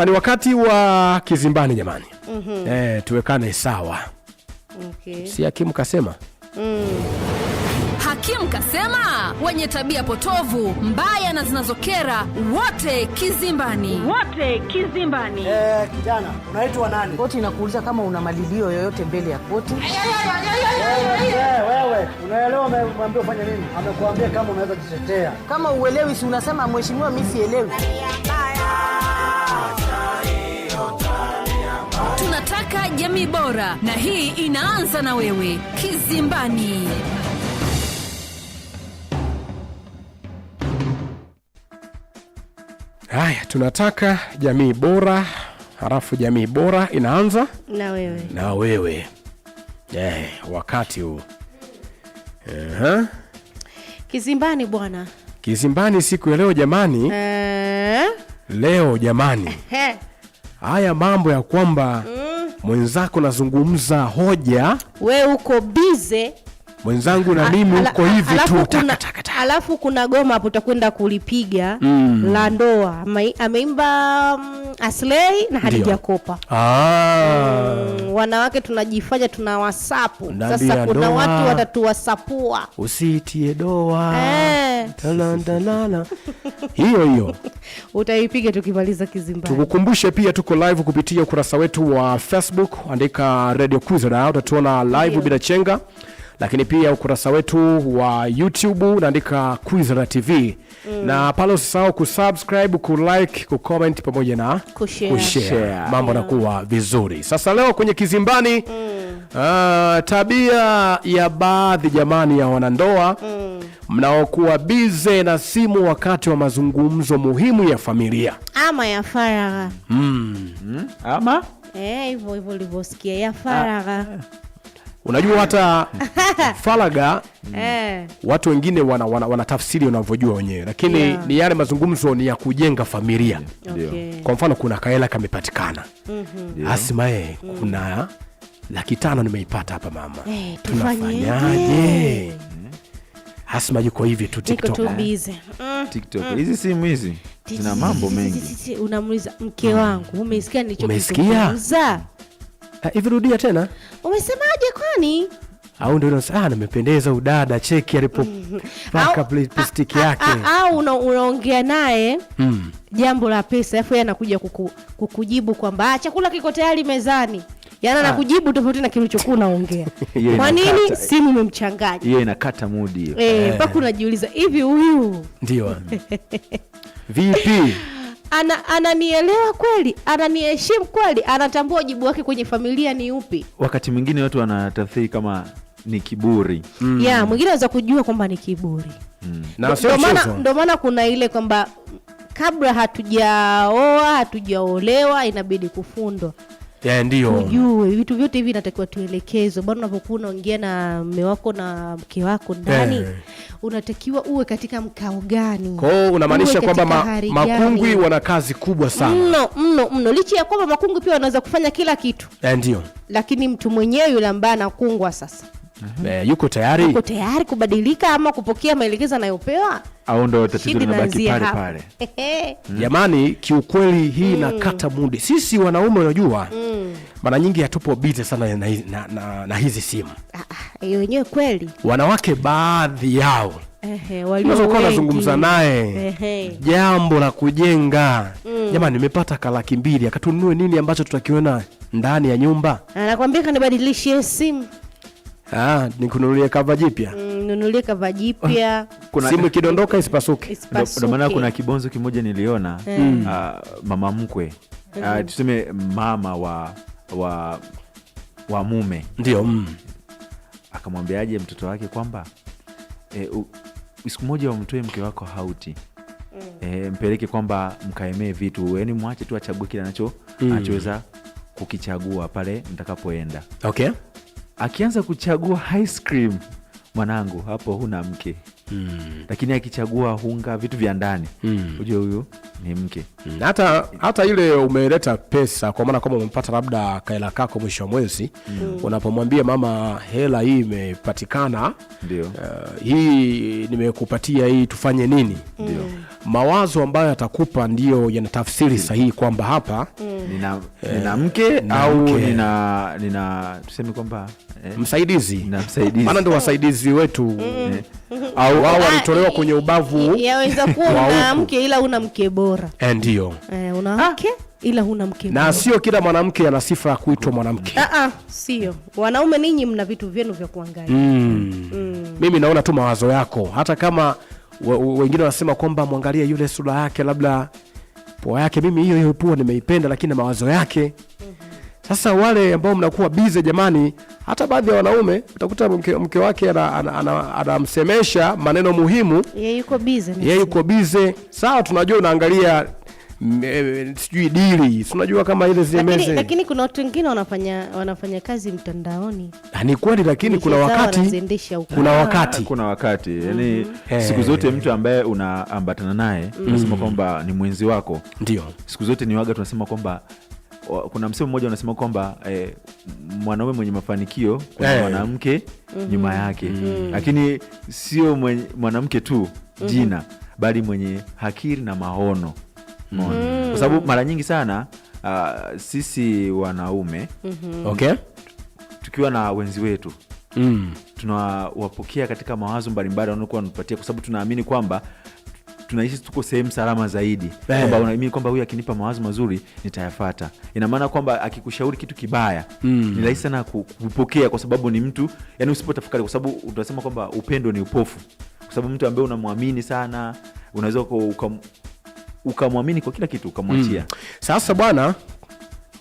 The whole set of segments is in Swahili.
Sasa ni wakati wa kizimbani jamani. mm -hmm. e, tuwekane sawa. Okay. Si hakimu kasema mm. Hakimu kasema wenye tabia potovu mbaya na zinazokera wote kizimbani, wote kizimbani. e, kijana unaitwa nani? Koti inakuuliza kama una malilio yoyote mbele ya koti. Wewe unaelewa umeambiwa fanya nini? Amekuambia kama unaweza Kama uelewi, si unasema mheshimiwa, mimi sielewi. jamii bora, na hii inaanza na wewe. Kizimbani. Haya, tunataka jamii bora, halafu jamii bora inaanza na wewe, na wewe. Eh, wakati huu uh-huh. Kizimbani bwana, kizimbani siku ya leo jamani, eh. Leo jamani, haya mambo ya kwamba mm mwenzako nazungumza hoja, we uko bize mwenzangu na mimi uko hivi tu Alafu kuna goma hapo utakwenda kulipiga mm. la ndoa ameimba mm, aslei Aslay na Hadija Kopa ah. mm, wanawake tunajifanya tuna wasapu sasa, kuna doa. watu watatuwasapua usitie doa eh. hiyo hiyo utaipiga tukimaliza kizimbani. Tukukumbushe pia tuko live kupitia ukurasa wetu wa Facebook, andika Radio Kwizera utatuona live bila chenga lakini pia ukurasa wetu wa YouTube unaandika Kwizera TV mm. na pale usisahau kusubscribe, kulike, kucomment pamoja na kushare, kushare. Mambo yanakuwa yeah. vizuri. Sasa leo kwenye kizimbani mm. uh, tabia ya baadhi jamani ya wanandoa mm. mnaokuwa bize na simu wakati wa mazungumzo muhimu ya familia ama ya faragha mm. mm. ama eh, hivyo eh, hivyo ulivyosikia ya faragha ah. Unajua hata faraga eh. watu wengine wana, wana, wana tafsiri unavyojua wenyewe, lakini yeah, ni yale mazungumzo ni ya kujenga familia okay. Kwa mfano kuna kaela kamepatikana mm -hmm. Asma ye eh, mm, kuna laki tano nimeipata hapa mama, hey, eh, tunafanyaje? Asma yuko hivi tu mm. Mm. Hizi simu hizi zina mambo mengi. Unamuuliza mke mm. wangu, umesikia nilichokuzungumza? Ah, hivi rudia tena. Umesemaje kwani? Au ndio ah, nimependeza udada, cheki paka ah, plastiki ah, yake. Au unaongea naye hmm. jambo la pesa, alafu yeye anakuja kuku, kukujibu kwamba chakula kiko tayari mezani. Yaani anakujibu tofauti na kilichokuwa unaongea. Kwa nini simu imemchanganya? Yeye inakata mood hiyo. Eh, eh, mpaka unajiuliza hivi huyu. Ndio. Vipi? ana ananielewa kweli, ananiheshimu kweli, anatambua wajibu wake kwenye familia ni upi. Wakati mwingine watu wanatafsiri kama ni kiburi mm. ya mwingine anaweza kujua kwamba ni kiburi mm. na ndio maana kuna ile kwamba kabla hatujaoa hatujaolewa inabidi kufundwa Yeah, ndio. Tujue vitu vyote hivi natakiwa tuelekezwe. Bwana, unapokuwa unaongea na mume wako na mke wako ndani yeah. Unatakiwa uwe katika mkao gani? Kwa hiyo unamaanisha kwamba ma, makungwi wana kazi kubwa sana mno mno mno, licha ya kwamba makungwi pia wanaweza kufanya kila kitu yeah, ndio, lakini mtu mwenyewe yule ambaye anakungwa sasa Mhm. Eh, yuko tayari? Yuko tayari kubadilika ama kupokea maelekezo anayopewa? Au ndio tatizo linabaki pale pale? Hmm. Jamani, kiukweli hii mm. nakata mudi. Sisi wanaume unajua mm. mara nyingi hatupo bize sana na, na, na, na hizi simu. Ah, ah yenyewe kweli. Wanawake baadhi yao nazungumza naye jambo la kujenga mm. Jamani, nimepata kalaki mbili, akatununue nini ambacho tutakiona ndani ya nyumba, anakwambia kanibadilishie simu Ah, nikununulie kava jipya. Mm, nunulie kava jipya. Kuna simu ikidondoka isipasuke. Ndio maana kuna kibonzo kimoja niliona eh. mm. uh, mama mkwe mm. uh, tuseme mama wa wa wa mume ndio mm. akamwambiaje mtoto wake kwamba e, siku moja wamtoe mke wako hauti mm. e, mpeleke kwamba mkaemee vitu, yaani mwache tu achague kile anacho mm. anachoweza mm. kukichagua pale mtakapoenda. Okay akianza kuchagua ice cream, mwanangu, hapo huna mke. Hmm. Lakini akichagua hunga vitu vya ndani hmm. Ujue huyu ni mke hmm. Hata, hata ile umeleta pesa kwa maana kama umepata labda kaela kako mwisho wa mwezi hmm. Unapomwambia mama hela hii imepatikana, ndio uh, hii nimekupatia hii tufanye nini, ndio hmm mawazo ambayo yatakupa ndiyo yana tafsiri mm. sahihi kwamba hapa mm. nina, eh, nina mke nina au mke. nina, nina tuseme kwamba eh, msaidizi maana ndio wasaidizi wetu mm. Eh. au wao walitolewa kwenye ubavu. Ah, yaweza kuwa una mke ila una mke bora eh, ndio eh, una mke ila huna mke na sio kila mwanamke ana sifa ya kuitwa mwanamke. Ah, ah, sio wanaume, ninyi mna vitu vyenu vya kuangalia mm. mm. Mimi naona tu mawazo yako hata kama wengine wanasema kwamba mwangalie yule sura yake, labda pua yake. Mimi hiyo hiyo pua nimeipenda, lakini na mawazo yake. Mm-hmm. Sasa wale ambao mnakuwa bize, jamani, hata baadhi ya wanaume utakuta mke, mke wake anamsemesha maneno muhimu, yeye yuko bize, sawa. Tunajua unaangalia sijui dili, sinajua kama ile zimeze. Lakini, lakini kuna watu wengine wanafanya wanafanya kazi mtandaoni ah, ni kweli, lakini kuna wakati ah, kuna wakati kuna wakati yani eh. siku zote mtu ambaye unaambatana naye mm. unasema kwamba ni mwenzi wako, ndio siku zote ni waga tunasema kwamba kuna msemo mmoja unasema kwamba eh, mwanaume mwenye mafanikio kuna hey, eh. mwanamke mm -hmm, nyuma yake mm -hmm, lakini sio mwanamke tu mhm. jina mm -hmm, bali mwenye hakiri na maono mm. kwa sababu mara nyingi sana uh, sisi wanaume mm -hmm. okay. tukiwa na wenzi wetu mm. tunawapokea katika mawazo mbalimbali wanaokuwa wanatupatia kwa sababu tunaamini kwamba tunaishi tuko sehemu salama zaidi eh. kwamba unaamini kwamba huyu akinipa mawazo mazuri nitayafata ina maana kwamba akikushauri kitu kibaya mm. ni rahisi sana kupokea kwa sababu ni mtu yani usipotafakari kwa sababu utasema kwamba upendo ni upofu kwa sababu mtu ambaye unamwamini sana unaweza ukamwamini kwa kila kitu ukamwachia. Mm. Sasa bwana,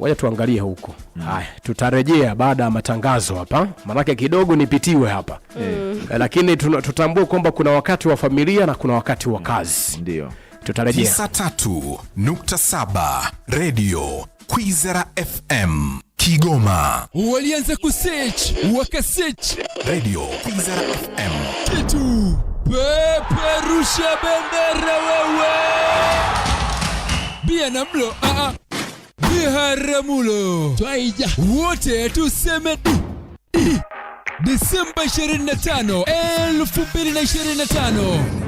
ngoja tuangalie huko. Mm. Haya, tutarejea baada ya matangazo hapa, maanake kidogo nipitiwe hapa. Mm. mm. Eh, Lakini tutambue kwamba kuna wakati wa familia na kuna wakati wa mm. kazi. Mm. Ndio. Tutarejea. 93.7 Radio Kwizera FM Kigoma. Walianza kusearch, wakasearch. Radio Kwizera FM. Kitu peperusha bendera na Biharamulo, ah ah, Biharamulo twaija wote tuseme du Disemba 25, 2025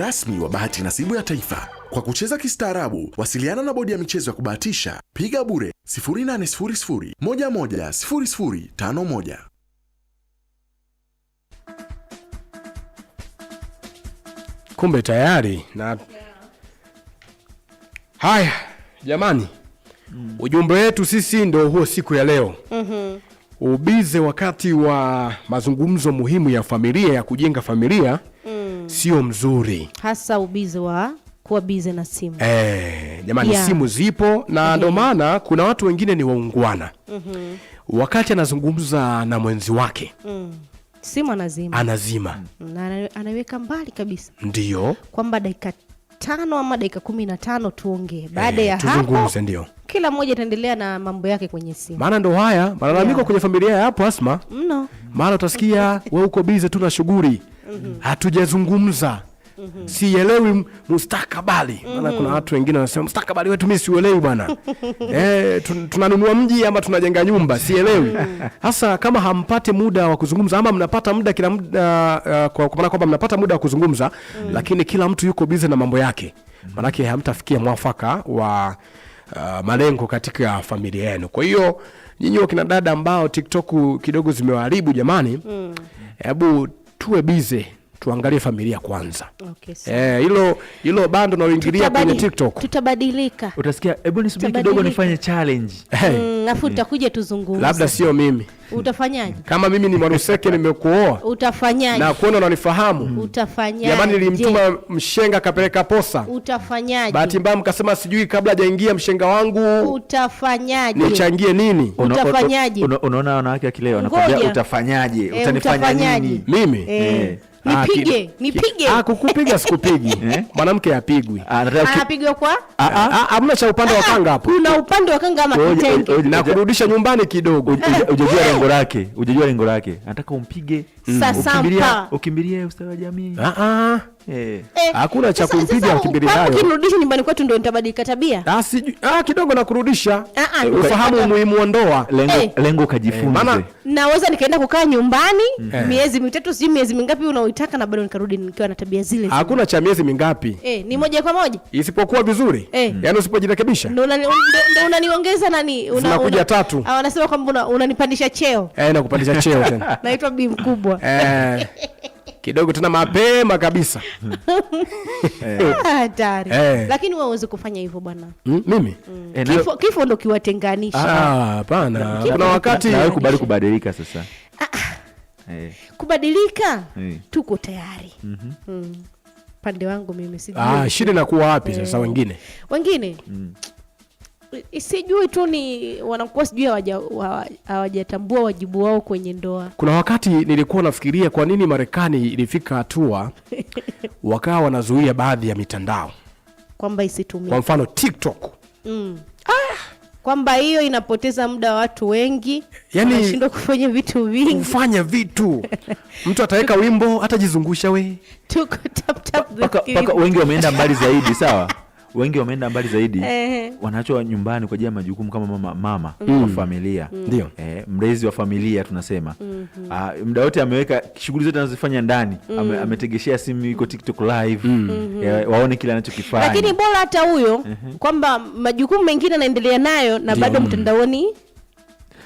rasmi wa bahati nasibu ya taifa. Kwa kucheza kistaarabu, wasiliana na bodi ya michezo ya kubahatisha. Piga bure 0800 11 0051. Kumbe tayari na haya jamani, mm. Ujumbe wetu sisi ndio huo siku ya leo mm -hmm. Ubize wakati wa mazungumzo muhimu ya familia ya kujenga familia mm sio mzuri, hasa ubizi wa kuwa bize na simu eh, jamani yeah. Simu zipo na mm-hmm. ndio mm -hmm. Maana kuna watu wengine ni waungwana mm -hmm. Wakati anazungumza na mwenzi wake mm. Simu anazima, anazima. Mm. Anaiweka mbali kabisa, ndio kwamba dakika tano ama dakika kumi na tano tuongee. Eh, Baada ya hapo ndio kila mmoja ataendelea na mambo yake kwenye simu, maana ndo haya malalamiko yeah. Kwenye familia ya hapo Asma mno, maana utasikia wewe uko bize tu na shughuli -hmm. hatujazungumza mm -hmm. sielewi mustakabali maana mm -hmm. kuna watu wengine wanasema mustakabali wetu mimi siuelewi bwana eh, tunanunua mji ama tunajenga nyumba sielewi mhm. hasa mm -hmm. kama hampati muda wa kuzungumza ama mnapata muda kila muda uh, ah, ah, kwa maana kwamba mnapata muda wa kuzungumza mm -hmm. lakini kila mtu yuko bize na mambo yake maanake hamtafikia mwafaka wa uh, malengo katika familia yenu. Kwa hiyo nyinyi wakina dada ambao TikTok kidogo zimewaharibu jamani, mm hebu mm tuwe bize tuangalie familia kwanza. Okay, Eh, hilo hilo bando naoingilia kwenye TikTok. Tutabadilika. Utasikia hebu nisubiri kidogo nifanye challenge. Hey. Mm, afu tutakuja tuzungumze. Labda sio mimi. Utafanyaje? Kama mimi ni Mwanuseke nimekuoa. Utafanyaje? Na kuona unanifahamu. mm. Utafanyaje? Jamani nilimtuma mshenga kapeleka posa. Utafanyaje? Bahati mbaya mkasema sijui kabla hajaingia mshenga wangu. Utafanyaje? Nichangie nini? Utafanyaje? Unaona wanawake wa kileo wanakuambia utafanyaje? Eh, utanifanya nini Mimi. Eh. eh. Nipige, ah, nipige. Ah, kukupiga sikupigi. Eh? Mwanamke apigwi. Ah, ah, anapigwa kwa? Ah, hamna cha upande wa kanga hapo. Kuna upande wa kanga ama kitenge. Na kurudisha nyumbani kidogo. Hujajua lengo lake. Hujajua lengo lake. Anataka umpige. Sasa mm. ukimbilie ustawi wa jamii. Ah ah. Eh. eh, hakuna eh, cha kumpiga ukimbili nayo. Ukimrudisha nyumbani kwetu ndio nitabadilika tabia. Ah, si Ah, kidogo na kurudisha. Ah, ah, ufahamu umuhimu wa ndoa. Eh. Lengo eh, lengo kajifunze. mama naweza nikaenda kukaa nyumbani mm. eh, miezi mitatu si miezi mingapi unaoitaka na bado nikarudi nikiwa na tabia zile. Hakuna cha miezi mingapi. Eh, ni moja kwa moja. Isipokuwa vizuri. Eh. Mm. Yaani usipojirekebisha. Ndio unaniongeza nani? Una kuja tatu. Ah, wanasema kwamba unanipandisha cheo. Eh, kupandisha cheo tena. Naitwa bibi mkubwa. Eh. kidogo tena mapema kabisa ah, hatari eh. eh. Lakini wewe uweze kufanya hivyo bwana mm, mimi mm. Eh, kifo, kifo ndo kiwatenganisha. Ah, hapana, kuna wakati kubali kubadilika sasa ah, ah, eh. Kubadilika eh. Tuko tayari mm -hmm. mm. Pande wangu mimi ah, shida inakuwa wapi eh. Sasa wengine wengine mm. Eh, sijui tu ni wanakuwa sijui hawajatambua wa, wajibu wao kwenye ndoa. Kuna wakati nilikuwa nafikiria kwa nini Marekani ilifika hatua wakawa wanazuia baadhi ya mitandao kwamba isitumike, kwa mfano TikTok mm. ah, kwamba hiyo inapoteza muda wa watu wengi, yani anashindwa kufanya vitu vingi, kufanya vitu mtu ataweka wimbo atajizungusha we, tuko tap tap, wengi wameenda mbali zaidi, sawa wengi wameenda mbali zaidi wanaachwa nyumbani kwa ajili ya majukumu kama mama, mama mm. wa familia mm. ndio mm. eh, mlezi wa familia tunasema mm -hmm. muda wote ameweka shughuli zote anazofanya ndani mm. ame, ametegeshea simu iko TikTok live mm. Mm -hmm. eh, waone kile anachokifanya, lakini bora hata huyo kwamba majukumu mengine anaendelea nayo na bado mtandaoni mm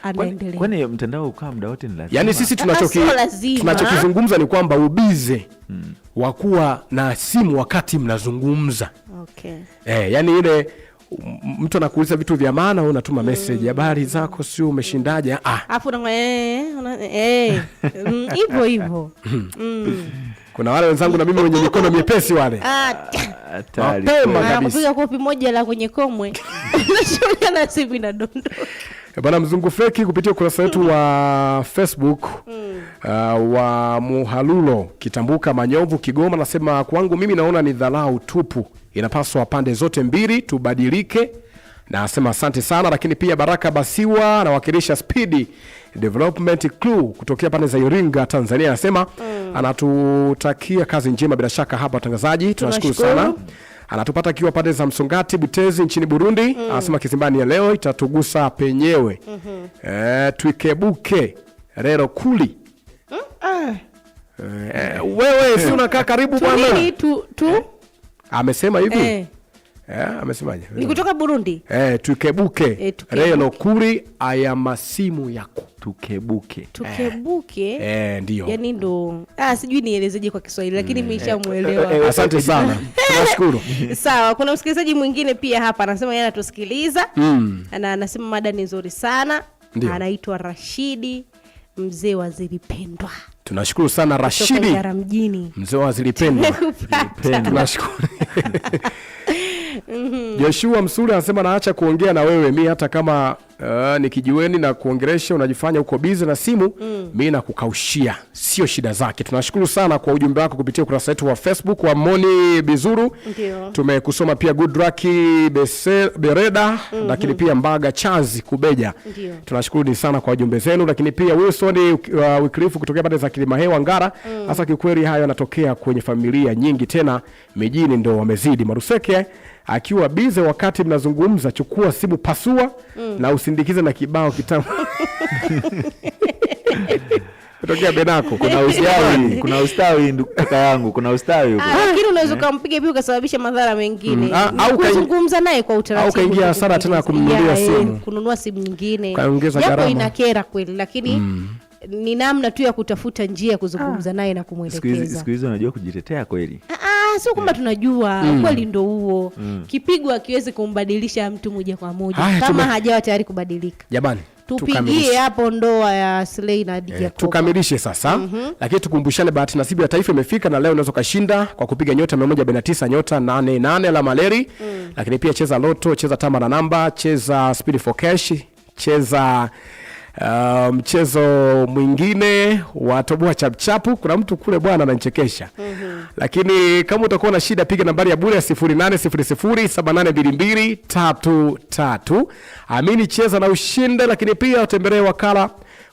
ameendelea. Kwani mtandao ukaa muda wote ni yaani lazima? Yaani sisi tunachokizungumza ni kwamba ubize hmm, wa kuwa na simu wakati mnazungumza okay. Eh, yani ile mtu anakuuliza vitu vya maana, unatuma mm. meseji habari zako, sio umeshindaje? Ah. Eh, eh. Mm, hivyo hivyo. Hmm. Kuna wale wenzangu na mimi wenye mikono miepesi wale, ah, mapema kabisa kupiga kofi moja la kwenye komwe, nashauriana simu inadondoka Eh, Bwana Mzungu Feki kupitia ukurasa wetu wa Facebook hmm. uh, wa Muhalulo Kitambuka Manyovu Kigoma nasema kwangu mimi naona ni dharau tupu, inapaswa pande zote mbili tubadilike. Na asante sana, lakini pia Baraka Basiwa anawakilisha Speed Development Crew kutokea pande za Iringa, Tanzania anasema mm. anatutakia kazi njema bila shaka hapa watangazaji, tunashukuru sana anatupata akiwa pande za Msongati, Butezi nchini Burundi. mm. Anasema kizimbani ya leo itatugusa penyewe. mm -hmm. E, twikebuke rero kuli mm -hmm. E, wewe si unakaa karibu bwana tu, tu? Amesema hivi eh. Yeah, amesemaje? Ni kutoka Burundi. Eh, tukebuke. E, tukebuke. Reo aya masimu yako. Tukebuke. Tukebuke. Eh, eh ndio. Yaani ndo. Ah, sijui nielezeje kwa Kiswahili lakini nimeshamuelewa. Mm, eh, eh, asante sana. Tunashukuru. Sawa, kuna msikilizaji mwingine pia hapa anasema yeye anatusikiliza. Mm. Na anasema mada ni nzuri sana. Anaitwa Rashidi mzee wa Zilipendwa. Tunashukuru sana Rashidi. Mzee wa Zilipendwa. Tunashukuru. Joshua mhm. Msuri anasema naacha kuongea na wewe mi, hata kama uh, nikijiweni na kuongeresha unajifanya uko bizi na simu mm. mi nakukaushia, sio shida zake. Tunashukuru sana kwa ujumbe wako kupitia ukurasa wetu wa Facebook wa Moni Bizuru. Tumekusoma pia Gudraki Bese, Bereda mm -hmm. lakini pia Mbaga Chazi Kubeja, tunashukuru sana kwa ujumbe zenu, lakini pia Wilson uh, Wikrifu kutokea pande za Kilimahewa Ngara mm. hasa mm. kikweli hayo yanatokea kwenye familia nyingi, tena mijini ndo wamezidi maruseke akiwa bize wakati mnazungumza, chukua simu, pasua mm. na usindikize na kibao kitamu tokea Benako. Kuna ustawi, kuna ustawi kaka yangu, kuna ustawi, ah, lakini unaweza ukampiga pia ukasababisha madhara mengine, mm. ah, au kuzungumza naye kwa utaratibu, au kaingia hasara tena kumnunulia eh, simu, kununua simu nyingine, kaongeza gharama, Ina inakera kweli, lakini mm ni namna tu ya kutafuta njia ya kuzungumza ah. naye na kumwelekeza. Siku hizi unajua kujitetea kweli sio kwamba eh. tunajua mm. Kweli ndo huo mm. Kipigo akiwezi kumbadilisha mtu moja kwa moja kama tume... hajawa tayari kubadilika. Jamani, tupigie hapo ndoa ya Slay na Dija eh, tukamilishe sasa mm -hmm. Lakini tukumbushane bahati nasibu ya taifa imefika, na leo unaweza ukashinda kwa kupiga nyota 149 nyota 88 la maleri mm. Lakini pia cheza loto, cheza tama na namba, cheza speed for cash, cheza Uh, mchezo mwingine wa toboa chapchapu, kuna mtu kule bwana ananichekesha mm -hmm. Lakini kama utakuwa na shida, piga nambari ya bure ya 0800782233 amini, cheza na ushinde. Lakini pia utembelee wakala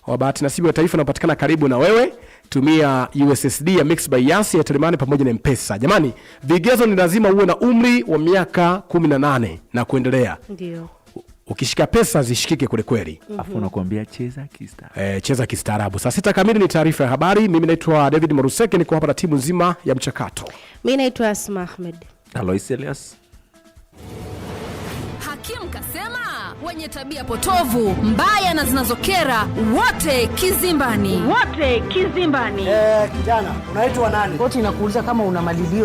wa bahati nasibu wa taifa unapatikana karibu na wewe. Tumia USSD ya Mix by Yasi ya Telemani pamoja na Mpesa. Jamani, vigezo ni lazima uwe na umri wa miaka 18 na kuendelea, ndio ukishika pesa zishikike kule kweli, mm-hmm. afu nakwambia cheza kistaarabu. Eh, cheza kistaarabu. Saa sita kamili ni taarifa ya habari. Mimi naitwa David Maruseke, niko hapa na timu nzima ya mchakato. Mimi naitwa Asma Ahmed. Alois Elias. Hakim kasema wenye tabia potovu mbaya na zinazokera wote kizimbani, wote kizimbani. Eh, kijana unaitwa nani? Koti inakuuliza kama una malilio